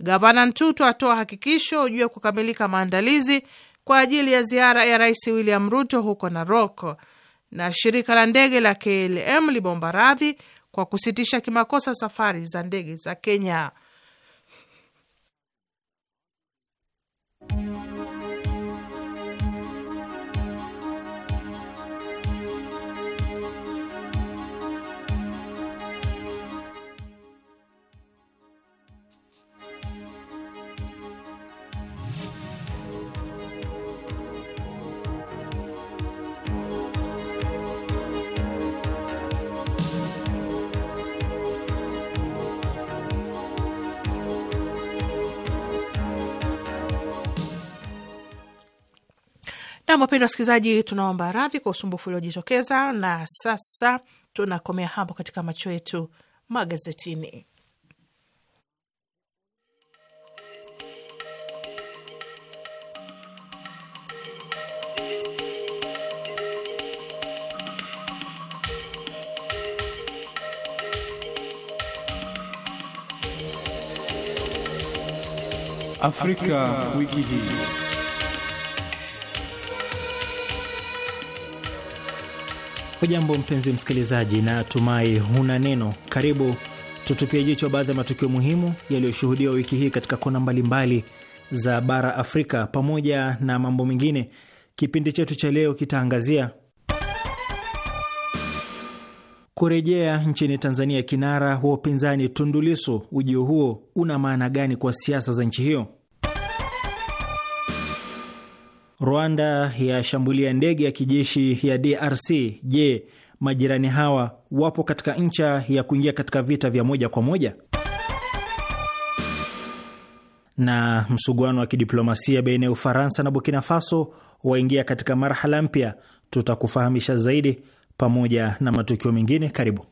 Gavana Ntutu atoa hakikisho juu ya kukamilika maandalizi kwa ajili ya ziara ya Rais William Ruto huko Narok. Na shirika la ndege la KLM limeomba radhi kwa kusitisha kimakosa safari za ndege za Kenya. Na wapendwa wasikilizaji, tunaomba radhi kwa usumbufu uliojitokeza, na sasa tunakomea hapo katika macho yetu magazetini. Afrika, Afrika wiki hii. Hujambo mpenzi msikilizaji, na tumai huna neno. Karibu tutupie jicho baadhi ya matukio muhimu yaliyoshuhudiwa wiki hii katika kona mbalimbali za bara Afrika. Pamoja na mambo mengine, kipindi chetu cha leo kitaangazia kurejea nchini Tanzania kinara wa upinzani tundulisu Ujio huo una maana gani kwa siasa za nchi hiyo? Rwanda yashambulia ndege ya kijeshi ya DRC. Je, majirani hawa wapo katika ncha ya kuingia katika vita vya moja kwa moja? Na msuguano wa kidiplomasia baina ya Ufaransa na Burkina Faso waingia katika marhala mpya. Tutakufahamisha zaidi pamoja na matukio mengine. Karibu.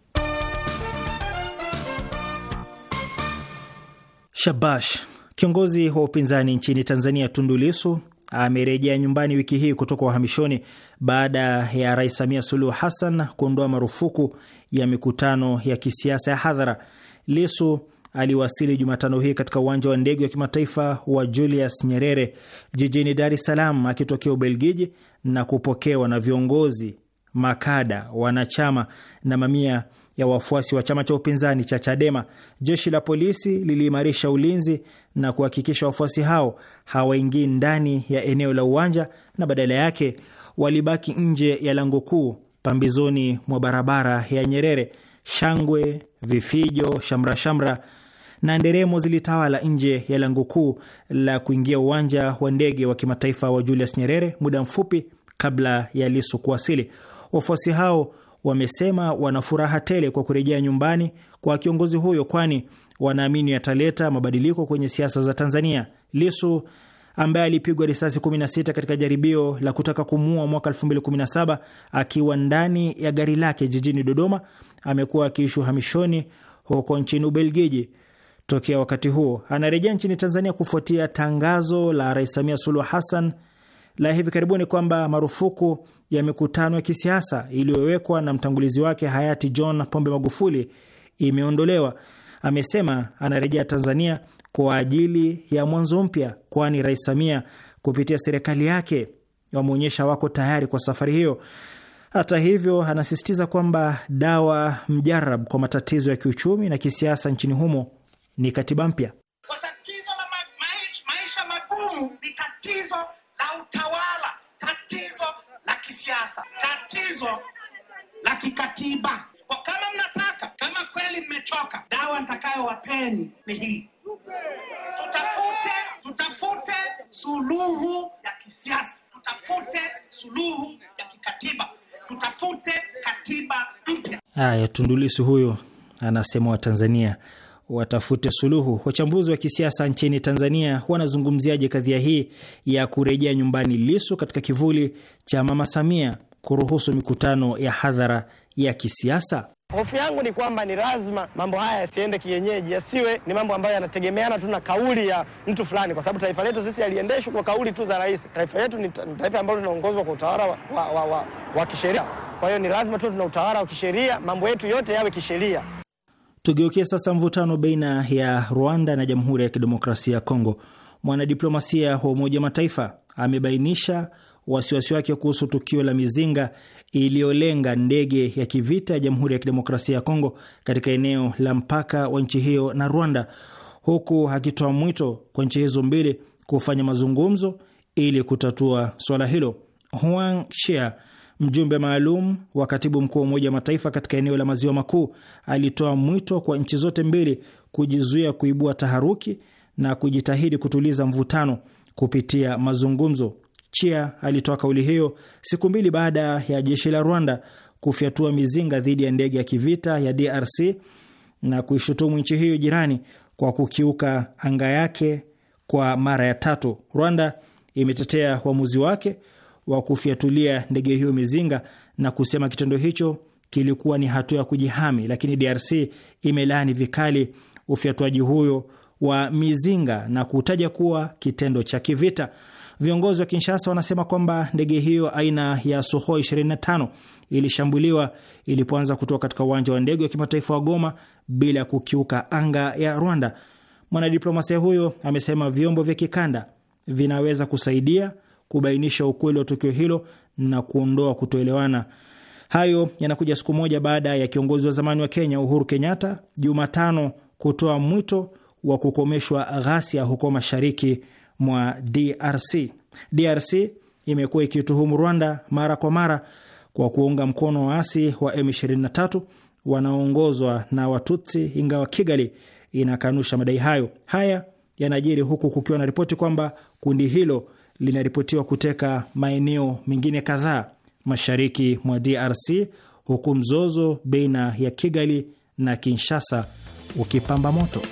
Shabash. Kiongozi wa upinzani nchini Tanzania Tundu Lissu amerejea nyumbani wiki hii kutoka uhamishoni baada ya Rais Samia Suluhu Hassan kuondoa marufuku ya mikutano ya kisiasa ya hadhara. Lisu aliwasili Jumatano hii katika uwanja wa ndege wa kimataifa wa Julius Nyerere jijini Dar es Salaam akitokea Ubelgiji na kupokewa na viongozi, makada, wanachama na mamia ya wafuasi wa chama cha upinzani cha Chadema. Jeshi la polisi liliimarisha ulinzi na kuhakikisha wafuasi hao hawaingii ndani ya eneo la uwanja, na badala yake walibaki nje ya lango kuu pambizoni mwa barabara ya Nyerere. Shangwe, vifijo, shamrashamra na nderemo zilitawala nje ya lango kuu la kuingia uwanja wa ndege wa kimataifa wa Julius Nyerere muda mfupi kabla ya Lisu kuwasili. Wafuasi hao wamesema wana furaha tele kwa kurejea nyumbani kwa kiongozi huyo, kwani wanaamini ataleta mabadiliko kwenye siasa za Tanzania. Lisu ambaye alipigwa risasi 16 katika jaribio la kutaka kumuua mwaka 2017 akiwa ndani ya gari lake jijini Dodoma, amekuwa akiishi uhamishoni huko nchini Ubelgiji tokea wakati huo. Anarejea nchini Tanzania kufuatia tangazo la Rais Samia Suluhu Hassan la hivi karibuni kwamba marufuku ya mikutano ya kisiasa iliyowekwa na mtangulizi wake hayati John Pombe Magufuli imeondolewa. Amesema anarejea Tanzania kwa ajili ya mwanzo mpya, kwani Rais Samia kupitia serikali yake wameonyesha wako tayari kwa safari hiyo. Hata hivyo, anasisitiza kwamba dawa mjarab kwa matatizo ya kiuchumi na kisiasa nchini humo ni katiba mpya. shinikizo la kikatiba kwa kama mnataka, kama kweli mmechoka, dawa nitakayowapeni ni hii, tutafute tutafute suluhu ya kisiasa, tutafute suluhu ya kikatiba, tutafute katiba mpya. Haya, Tundulisi huyo anasema Watanzania watafute suluhu. Wachambuzi wa kisiasa nchini Tanzania wanazungumziaje kadhia hii ya kurejea nyumbani Lisu katika kivuli cha Mama Samia? kuruhusu mikutano ya hadhara ya kisiasa? Hofu yangu ni kwamba ni lazima mambo haya yasiende kienyeji, yasiwe ni mambo ambayo yanategemeana tu na kauli ya mtu fulani, kwa sababu taifa letu sisi aliendeshwi kwa kauli tu za rais. Taifa letu ni taifa ambalo linaongozwa kwa utawala wa, wa, wa, wa, wa kisheria. Kwa hiyo ni lazima tu tuna utawala wa kisheria, mambo yetu yote yawe kisheria. Tugeukie sasa mvutano baina ya Rwanda na Jamhuri ya Kidemokrasia ya Kongo. Mwanadiplomasia wa Umoja wa Mataifa amebainisha wasiwasi wake kuhusu tukio la mizinga iliyolenga ndege ya kivita ya Jamhuri ya Kidemokrasia ya Kongo katika eneo la mpaka wa nchi hiyo na Rwanda, huku akitoa mwito kwa nchi hizo mbili kufanya mazungumzo ili kutatua swala hilo. Huang Shea, mjumbe maalum wa katibu mkuu wa Umoja wa Mataifa katika eneo la Maziwa Makuu, alitoa mwito kwa nchi zote mbili kujizuia kuibua taharuki na kujitahidi kutuliza mvutano kupitia mazungumzo. Chia alitoa kauli hiyo siku mbili baada ya jeshi la Rwanda kufyatua mizinga dhidi ya ndege ya kivita ya DRC na kuishutumu nchi hiyo jirani kwa kukiuka anga yake kwa mara ya tatu. Rwanda imetetea uamuzi wake wa kufyatulia ndege hiyo mizinga na kusema kitendo hicho kilikuwa ni hatua ya kujihami, lakini DRC imelaani vikali ufyatuaji huyo wa mizinga na kutaja kuwa kitendo cha kivita. Viongozi wa Kinshasa wanasema kwamba ndege hiyo aina ya Suhoi 25 ilishambuliwa ilipoanza kutoka katika uwanja wa ndege wa kimataifa wa Goma bila ya kukiuka anga ya Rwanda. Mwanadiplomasia huyo amesema vyombo vya kikanda vinaweza kusaidia kubainisha ukweli wa tukio hilo na kuondoa kutoelewana. Hayo yanakuja siku moja baada ya kiongozi wa zamani wa Kenya Uhuru Kenyatta Jumatano kutoa mwito wa kukomeshwa ghasia huko mashariki mwa DRC. DRC imekuwa ikituhumu Rwanda mara kwa mara kwa kuunga mkono waasi wa M23 wanaoongozwa na Watutsi, ingawa Kigali inakanusha madai hayo. Haya yanajiri huku kukiwa na ripoti kwamba kundi hilo linaripotiwa kuteka maeneo mengine kadhaa mashariki mwa DRC, huku mzozo baina ya Kigali na Kinshasa ukipamba moto.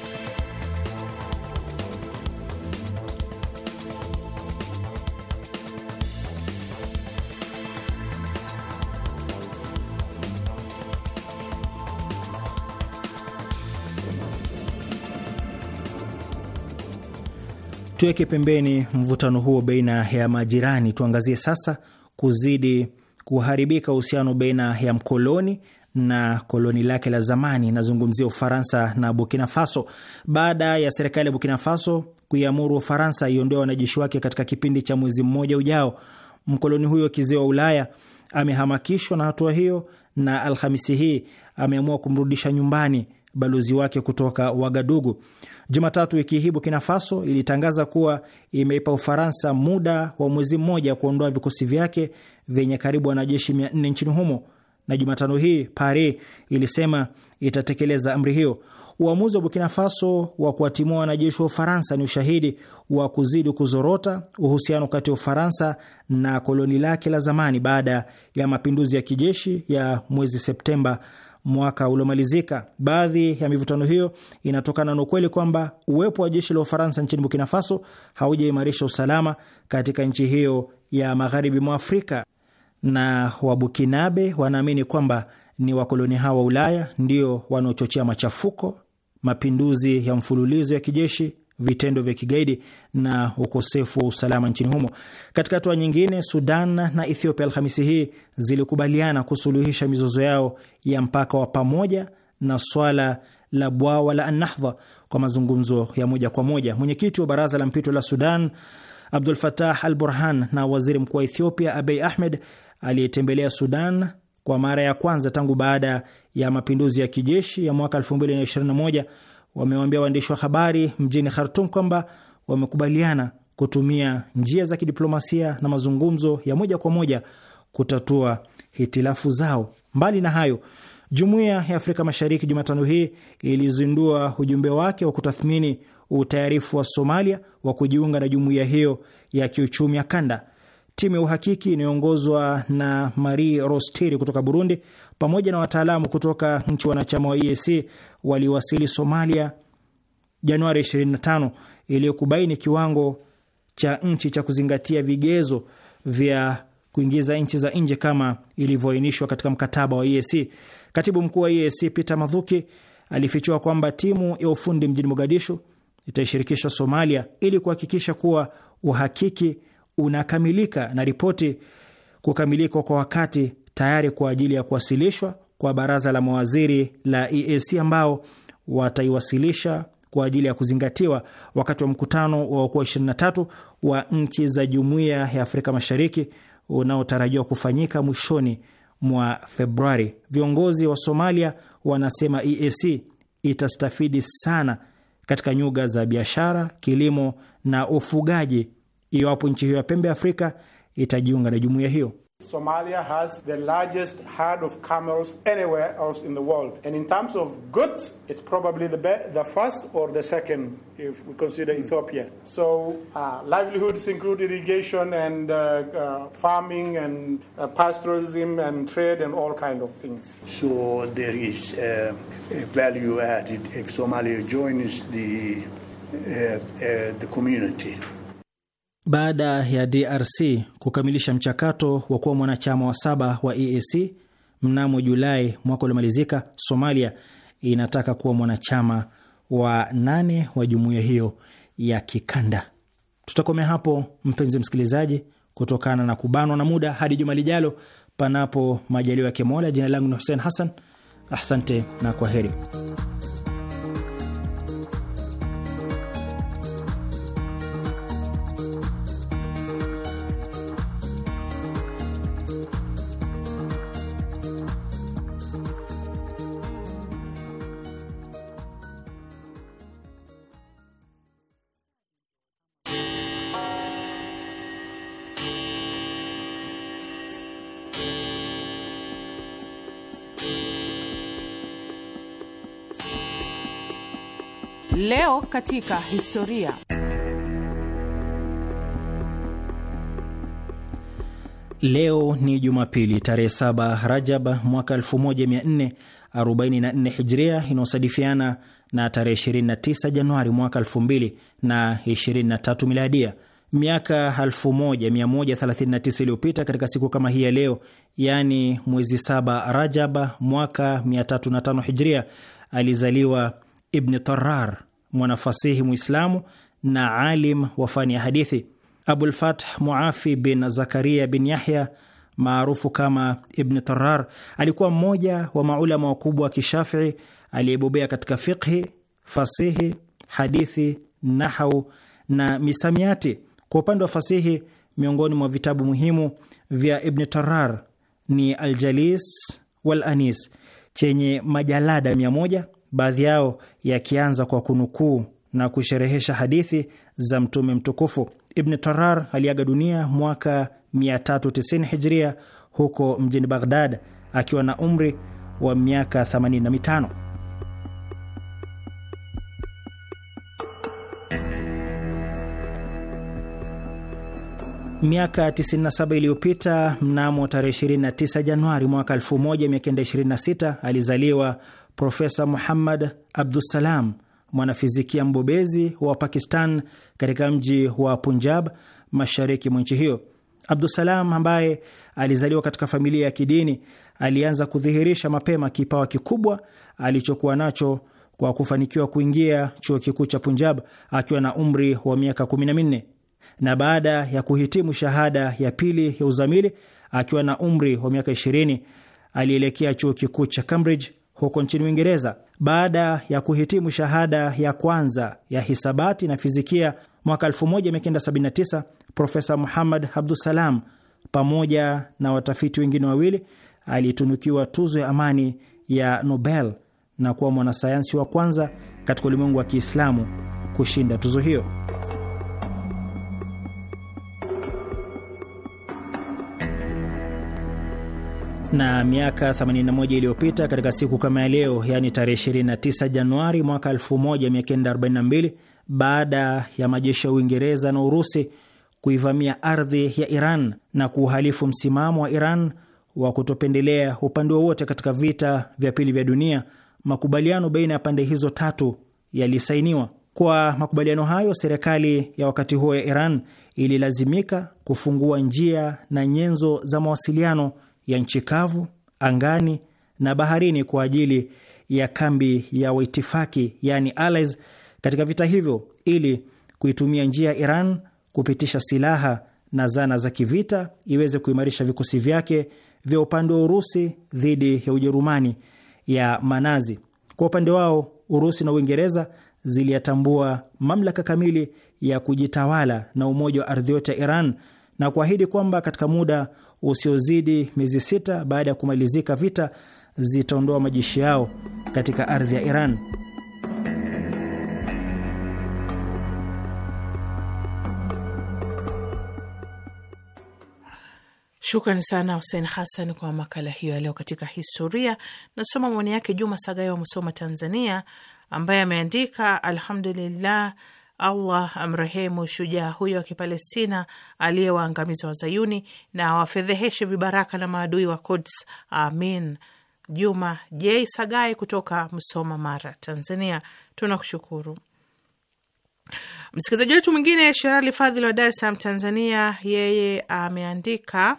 Tuweke pembeni mvutano huo baina ya majirani, tuangazie sasa kuzidi kuharibika uhusiano baina ya mkoloni na koloni lake la zamani. Nazungumzia Ufaransa na Burkina Faso. Baada ya serikali ya Burkina Faso kuiamuru Ufaransa iondoe wanajeshi wake katika kipindi cha mwezi mmoja ujao, mkoloni huyo kizee wa Ulaya amehamakishwa na hatua hiyo na Alhamisi hii ameamua kumrudisha nyumbani balozi wake kutoka Wagadugu. Jumatatu wiki hii Burkina Faso ilitangaza kuwa imeipa Ufaransa muda wa mwezi mmoja kuondoa vikosi vyake vyenye karibu wanajeshi 400 nchini humo, na Jumatano hii Paris ilisema itatekeleza amri hiyo. Uamuzi wa Burkina Faso wa kuwatimua wanajeshi wa Ufaransa ni ushahidi wa kuzidi kuzorota uhusiano kati ya Ufaransa na koloni lake la zamani baada ya mapinduzi ya kijeshi ya mwezi Septemba mwaka uliomalizika. Baadhi ya mivutano hiyo inatokana na ukweli kwamba uwepo wa jeshi la Ufaransa nchini Burkina Faso haujaimarisha usalama katika nchi hiyo ya magharibi mwa Afrika, na Wabukinabe wanaamini kwamba ni wakoloni hao wa Ulaya ndio wanaochochea machafuko, mapinduzi ya mfululizo ya kijeshi vitendo vya kigaidi na ukosefu wa usalama nchini humo. Katika hatua nyingine, Sudan na Ethiopia Alhamisi hii zilikubaliana kusuluhisha mizozo yao ya mpaka wa pamoja na swala la bwawa la Annahdha kwa mazungumzo ya moja kwa moja. Mwenyekiti wa baraza la mpito la Sudan Abdul fatah Al Burhan na waziri mkuu wa Ethiopia Abiy Ahmed aliyetembelea Sudan kwa mara ya kwanza tangu baada ya mapinduzi ya kijeshi ya mwaka 2021 wamewaambia waandishi wa habari mjini Khartum kwamba wamekubaliana kutumia njia za kidiplomasia na mazungumzo ya moja kwa moja kutatua hitilafu zao. Mbali na hayo, jumuiya ya Afrika Mashariki Jumatano hii ilizindua ujumbe wake wa kutathmini utayarifu wa Somalia wa kujiunga na jumuiya hiyo ya kiuchumi ya kanda. Timu ya uhakiki inayoongozwa na Marie Rostiri kutoka Burundi pamoja na wataalamu kutoka nchi wanachama wa EAC waliwasili Somalia Januari 25 iliyokubaini kiwango cha nchi cha kuzingatia vigezo vya kuingiza nchi za nje kama ilivyoainishwa katika mkataba wa EAC. Katibu mkuu wa EAC Peter madhuki alifichua kwamba timu ya ufundi mjini Mogadishu itaishirikisha Somalia ili kuhakikisha kuwa uhakiki unakamilika na ripoti kukamilika kwa wakati tayari kwa ajili ya kuwasilishwa kwa baraza la mawaziri la EAC ambao wataiwasilisha kwa ajili ya kuzingatiwa wakati wa mkutano wa wakuu 23 wa nchi za jumuiya ya Afrika Mashariki unaotarajiwa kufanyika mwishoni mwa Februari. Viongozi wa Somalia wanasema EAC itastafidi sana katika nyuga za biashara, kilimo na ufugaji iwapo nchi hiyo ya pembe ya Afrika itajiunga na jumuiya hiyo. Somalia has the largest herd of camels anywhere else in the world. And in terms of goods, it's probably the, be- the first or the second if we consider mm. Ethiopia. So, uh, livelihoods include irrigation and uh, uh, farming and uh, pastoralism and trade and all kind of things. So, there is uh, value added if Somalia joins the, uh, the community. baada ya DRC kukamilisha mchakato wa kuwa mwanachama wa saba wa EAC mnamo Julai mwaka uliomalizika, Somalia inataka kuwa mwanachama wa nane wa jumuiya hiyo ya kikanda. Tutakomea hapo mpenzi msikilizaji, kutokana na kubanwa na muda, hadi juma lijalo, panapo majaliwa ya kemola Jina langu ni Hussein Hassan, asante na kwa heri. Leo katika historia. Leo ni Jumapili tarehe 7 Rajab mwaka 1444 Hijria, inayosadifiana na tarehe 29 Januari mwaka 2023 Miladia. Miaka 1139 iliyopita katika siku kama hii ya leo, yaani mwezi saba rajab mwaka 305 Hijria, alizaliwa Ibni Tarar, mwanafasihi Mwislamu na alim wa fani ya hadithi. Abulfath Muafi bin Zakaria bin Yahya maarufu kama Ibni Tarar alikuwa mmoja wa maulama wakubwa wa Kishafii aliyebobea katika fiqhi, fasihi, hadithi, nahau na misamiati. Kwa upande wa fasihi, miongoni mwa vitabu muhimu vya Ibni Tarar ni Aljalis wal Anis chenye majalada mia moja baadhi yao yakianza kwa kunukuu na kusherehesha hadithi za mtume mtukufu. Ibn Tarar aliaga dunia mwaka 390 hijria huko mjini Baghdad akiwa na umri wa miaka 85. Miaka 97 iliyopita, mnamo tarehe 29 Januari mwaka 1926 alizaliwa Profesa Muhammad Abdusalam, mwanafizikia mbobezi wa Pakistan katika mji wa Punjab, mashariki mwa nchi hiyo. Abdusalam, ambaye alizaliwa katika familia ya kidini alianza kudhihirisha mapema kipawa kikubwa alichokuwa nacho kwa kufanikiwa kuingia chuo kikuu cha Punjab akiwa na umri wa miaka kumi na baada ya kuhitimu shahada ya pili ya uzamili akiwa na umri wa miaka 20 alielekea chuo kikuu cha Cambridge huko nchini Uingereza. Baada ya kuhitimu shahada ya kwanza ya hisabati na fizikia mwaka 1979, Profesa Muhammad Abdusalam pamoja na watafiti wengine wawili alitunukiwa tuzo ya amani ya Nobel na kuwa mwanasayansi wa kwanza katika ulimwengu wa Kiislamu kushinda tuzo hiyo. na miaka 81 iliyopita katika siku kama ya leo, yani tarehe 29 Januari mwaka 1942, baada ya majeshi ya Uingereza na Urusi kuivamia ardhi ya Iran na kuuhalifu msimamo wa Iran wa kutopendelea upande wowote katika vita vya pili vya dunia, makubaliano baina ya pande hizo tatu yalisainiwa. Kwa makubaliano hayo, serikali ya wakati huo ya Iran ililazimika kufungua njia na nyenzo za mawasiliano ya nchi kavu, angani na baharini kwa ajili ya kambi ya waitifaki yani allies katika vita hivyo, ili kuitumia njia ya Iran kupitisha silaha na zana za kivita iweze kuimarisha vikosi vyake vya upande wa Urusi dhidi ya Ujerumani ya Manazi. Kwa upande wao, Urusi na Uingereza ziliyatambua mamlaka kamili ya kujitawala na umoja wa ardhi yote ya Iran na kuahidi kwamba katika muda usiozidi miezi sita baada ya kumalizika vita zitaondoa majeshi yao katika ardhi ya Iran. Shukran sana Husein Hassan kwa makala hiyo ya leo katika historia. Nasoma maoni yake Juma Sagayo wa Musoma, Tanzania, ambaye ameandika alhamdulillah Allah amrehemu shujaa huyo wa Kipalestina aliyewaangamiza Wazayuni na awafedheheshe vibaraka na maadui wa Kuds. Amin. Juma J Sagai kutoka Msoma, Mara, Tanzania, tunakushukuru. Msikilizaji wetu mwingine Sherali Fadhili wa Dar es Salaam, Tanzania, yeye ameandika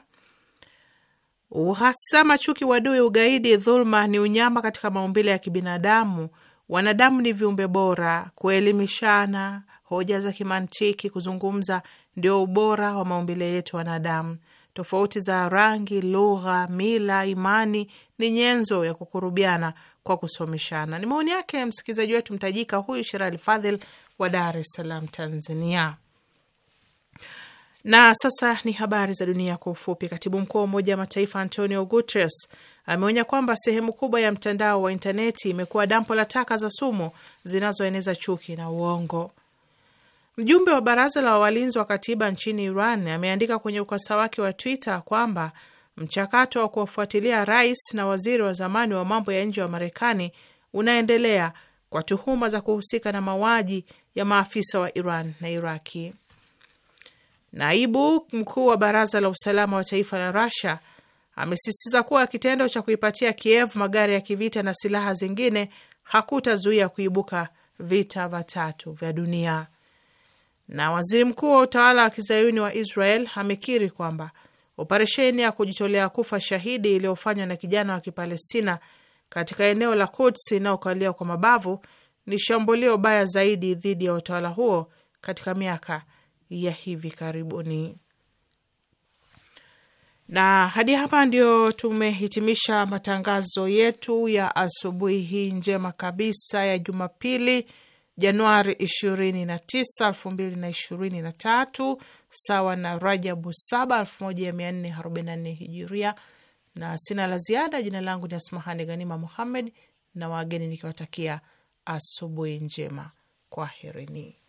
uhasama, chuki, wadui, ugaidi, dhuluma ni unyama katika maumbile ya kibinadamu Wanadamu ni viumbe bora, kuelimishana, hoja za kimantiki, kuzungumza ndio ubora wa maumbile yetu wanadamu. Tofauti za rangi, lugha, mila, imani ni nyenzo ya kukurubiana kwa kusomeshana. Ni maoni yake msikilizaji wetu mtajika huyu Sherali Fadhil wa Dar es Salaam, Tanzania. Na sasa ni habari za dunia kwa ufupi. Katibu mkuu wa Umoja wa Mataifa Antonio Guterres ameonya kwamba sehemu kubwa ya mtandao wa intaneti imekuwa dampo la taka za sumu zinazoeneza chuki na uongo. Mjumbe wa baraza la walinzi wa katiba nchini Iran ameandika kwenye ukurasa wake wa Twitter kwamba mchakato wa kuwafuatilia rais na waziri wa zamani wa mambo ya nje wa Marekani unaendelea kwa tuhuma za kuhusika na mauaji ya maafisa wa Iran na Iraki. Naibu mkuu wa baraza la usalama wa taifa la rusia amesisitiza kuwa kitendo cha kuipatia Kiev magari ya kivita na silaha zingine hakutazuia kuibuka vita vya tatu vya dunia. Na waziri mkuu wa utawala wa kizayuni wa Israel amekiri kwamba operesheni ya kujitolea kufa shahidi iliyofanywa na kijana wa Kipalestina katika eneo la kuts inayokaliwa kwa mabavu ni shambulio baya zaidi dhidi ya utawala huo katika miaka ya hivi karibuni. Na hadi hapa ndio tumehitimisha matangazo yetu ya asubuhi hii njema kabisa ya Jumapili, Januari 29, 2023 sawa na Rajabu 7, 1444 Hijiria. Na sina la ziada. Jina langu ni Asmahani Ghanima Muhammed na wageni nikiwatakia asubuhi njema, kwaherini.